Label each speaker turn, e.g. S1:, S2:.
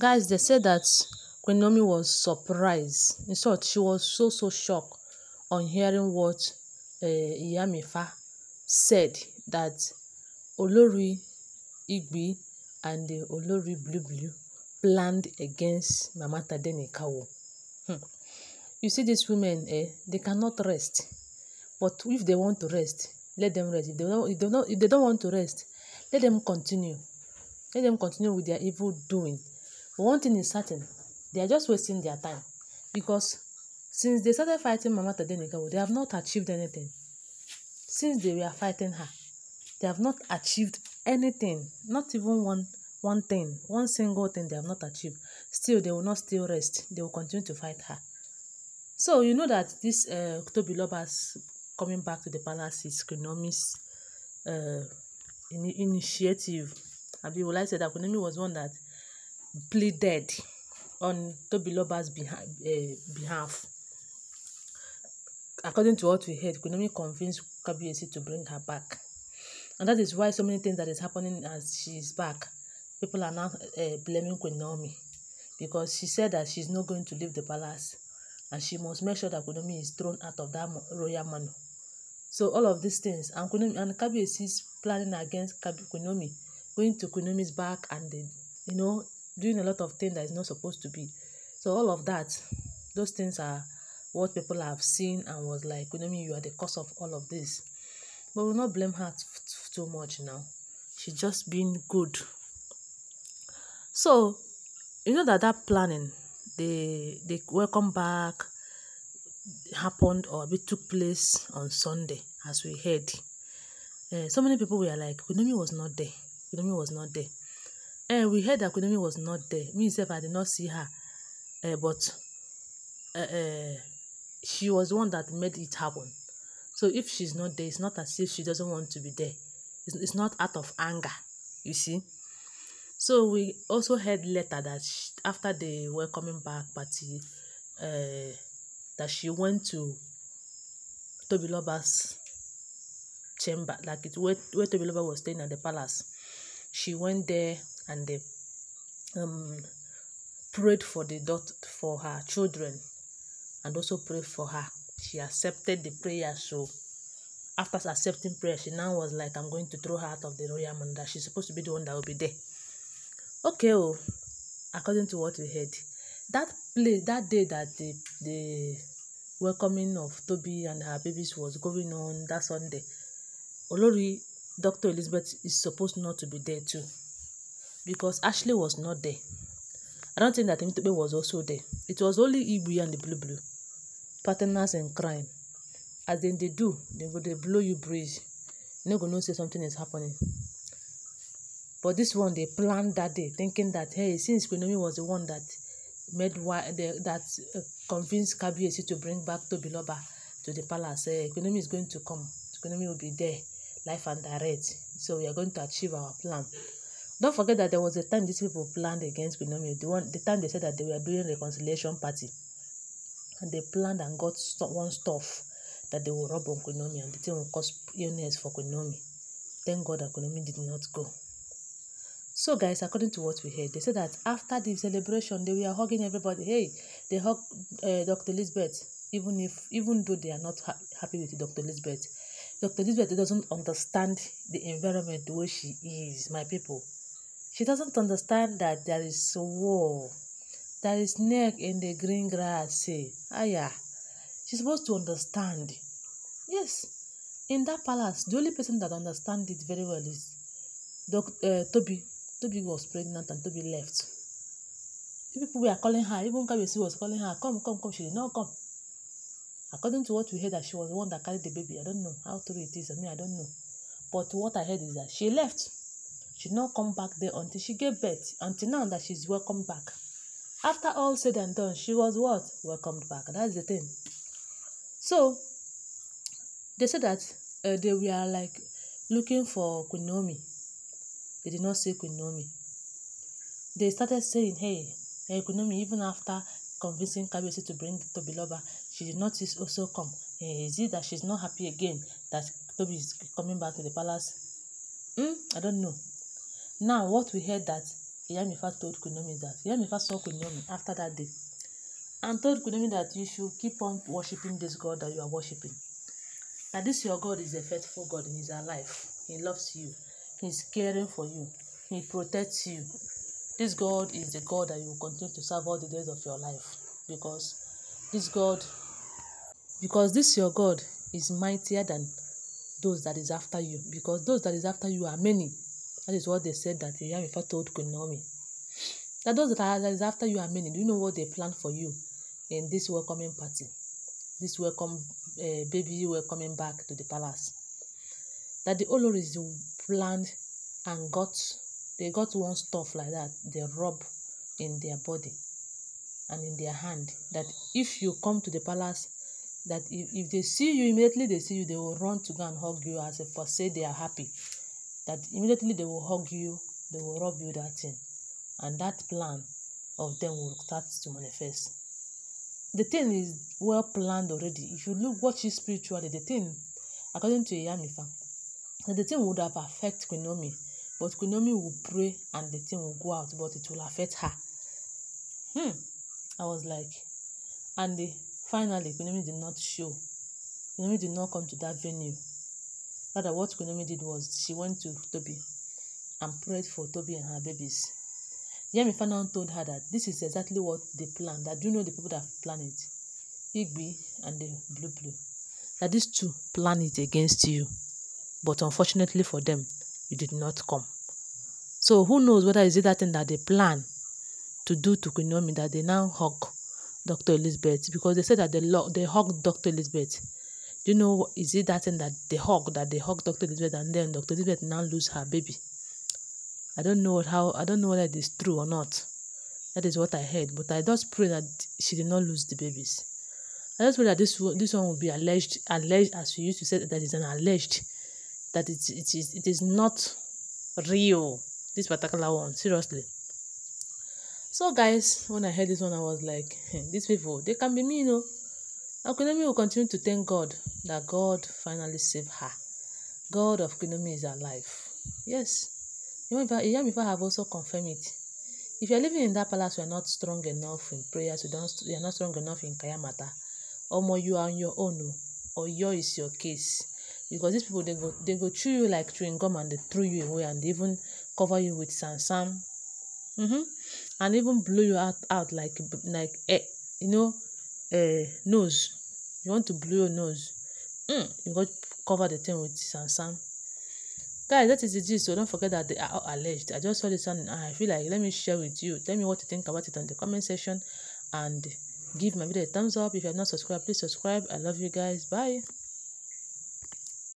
S1: Guys, they said that Queen Naomi was surprised. In short, she was so, so shocked on hearing what uh, Iyamifa said that Olori Igbi and the Olori Blue Blue planned against Mama Tadeni Kawo. Hmm. You see, these women, eh, they cannot rest. But if they want to rest, let them rest. If they don't, if they don't, if they don't want to rest, let them continue. Let them continue with their evil doing But one thing is certain, they are just wasting their time because since they started fighting Mama Tadenikawo, they have not achieved anything. Since they were fighting her, they have not achieved anything, not even one one thing, one single thing they have not achieved. Still, they will not still rest. They will continue to fight her. So you know that this uh, Tobiloba's coming back to the palace is Konomi's uh, in initiative. Abi, will I say that Konomi was one that pleaded on Tobiloba's beha- eh, behalf. According to what we heard, Kunomi convinced Kabiesi to bring her back. And that is why so many things that is happening as she's back, people are now uh, blaming Kunomi because she said that she's not going to leave the palace and she must make sure that Kunomi is thrown out of that royal manor. So all of these things, and Kunomi and Kabiesi is planning against Kunomi, going to Kunomi's back and, the, you know, doing a lot of things that is not supposed to be. So all of that, those things are what people have seen and was like, Kunomi, you are the cause of all of this. But we'll not blame her too much now. She's just been good. So, you know that that planning, the the welcome back happened or it took place on Sunday, as we heard. Uh, so many people were like, Kunomi was not there. Kunomi was not there. And eh, we heard that Queen was not there. Me myself, I did not see her. Uh, but uh, uh, she was the one that made it happen. So if she's not there, it's not as if she doesn't want to be there. It's, it's not out of anger, you see. So we also heard later that she, after the welcoming back party, uh, that she went to Tobiloba's chamber, like it where, where Tobiloba was staying at the palace. She went there and they um, prayed for the daughter, for her children and also prayed for her. She accepted the prayer. So after accepting prayer, she now was like, I'm going to throw her out of the royal mandar. She's supposed to be the one that will be there. Okay, oh, according to what we heard, that play that day that the the welcoming of Toby and her babies was going on that Sunday, Olori Dr. Elizabeth is supposed not to be there too. because Ashley was not there. I don't think that Temitope was also there. It was only Ibu and the Blue Blue, partners in crime. As then they do, they go they blow you breeze. You no go know say something is happening. But this one they planned that day, thinking that hey, since Konomi was the one that made why the, that uh, convinced Kabiyesi to bring back Tobiloba to the palace, uh, eh, Konomi is going to come. Konomi will be there, life and direct. So we are going to achieve our plan. Don't forget that there was a time these people planned against Binomio, the, one, the time they said that they were doing reconciliation party. And they planned and got st- one stuff that they will rob on Kunomi and the thing will cause illness for Kunomi. Thank God that did not go. So, guys, according to what we heard, they said that after the celebration, they were hugging everybody. Hey, they hug uh, eh, Dr. Elizabeth, even if, even though they are not ha- happy with Dr. Elizabeth. Dr. Elizabeth doesn't understand the environment the way she is, my people. She doesn't understand that there is a wall, there is snake in the green grass. Ah, yeah. She's supposed to understand. Yes, in that palace, the only person that understands it very well is Doctor uh, eh, Toby. Toby was pregnant and Toby left. The people were calling her, even Kabesi was calling her, come, come, come. She did not come. According to what we heard, that she was the one that carried the baby. I don't know how true it is. I mean, I don't know. But what I heard is that she left. She did not come back there until she gave birth, until now that she's welcomed back. After all said and done, she was what? Welcomed back. That's the thing. So, they said that uh, they were like looking for Queen Naomi. They did not see Queen Naomi. They started saying, hey, hey Queen Naomi, even after convincing Kabiyesi to bring Toby lover, she did not also come. Is it that she's not happy again that Toby is coming back to the palace? Mm, I don't know. Now, what we heard that Iyamifa told Kunomi that Iyamifa saw Kunomi after that day and told Kunomi that you should keep on worshipping this God that you are worshipping. That this your God is a faithful God and He's alive. He loves you. He's caring for you. He protects you. This God is the God that you will continue to serve all the days of your life because this God, because this your God is mightier than those that is after you because those that is after you are many That is what they said that Iyamifa told Kunomi. That those that are after you are many, do you know what they plan for you in this welcoming party? This welcome uh, baby welcoming back to the palace. That the Oloris planned and got they got one stuff like that they rub in their body and in their hand that if you come to the palace that if, if they see you immediately they see you they will run to go and hug you as if for say they are happy that immediately they will hug you, they will rob you that thing, and that plan of them will start to manifest. The thing is well planned already. If you look what it spiritually, the thing, according to Yamifa, the thing would have affected Kunomi, but Kunomi will pray and the thing will go out, but it will affect her. Hmm. I was like, and the, finally, Kunomi did not show. Kunomi did not come to that venue. Rather, what Kunomi did was she went to Toby and prayed for Toby and her babies. Yemi Fanon told her that this is exactly what they planned. That do you know the people that planned it? Igby and the Blue Blue. That these two planned it against you. But unfortunately for them, you did not come. So who knows whether is it that thing that they plan to do to Kunomi that they now hug Dr. Elizabeth because they said that they, lo- they hugged Dr. Elizabeth do you know, is it that thing that the hog, that the hog Dr. Elizabeth and then Dr. Elizabeth now lose her baby? I don't know how, I don't know whether it is true or not. That is what I heard, but I just pray that she did not lose the babies. I just pray that this this one will be alleged, alleged as we used to say that is an alleged, that it, it is it is not real. This particular one, seriously. So guys, when I heard this one, I was like, hmm, these people they can be mean, you oh. know. Akunemi will continue to thank God that God finally saved her. God of Akunemi is alive. Yes. if I have also confirmed it. If you are living in that palace, you are not strong enough in prayers, you, don't, you are not strong enough in Kayamata. Or more, you are on your own. Or oh. your is your case. Because these people, they go, they go chew you like chewing gum and they throw you away and even cover you with sansam. Mm-hmm. And even blow you out, out like, like eh, you know, eh, nose. You want to blow your nose. Hmm, you got cover the thing with sand sand. Guys, that is the gist. So don't forget that they are all alleged. I just saw this and I feel like let me share with you. Tell me what you think about it on the comment section and give my video a thumbs up. If you're not subscribed, please subscribe. I love you guys. Bye.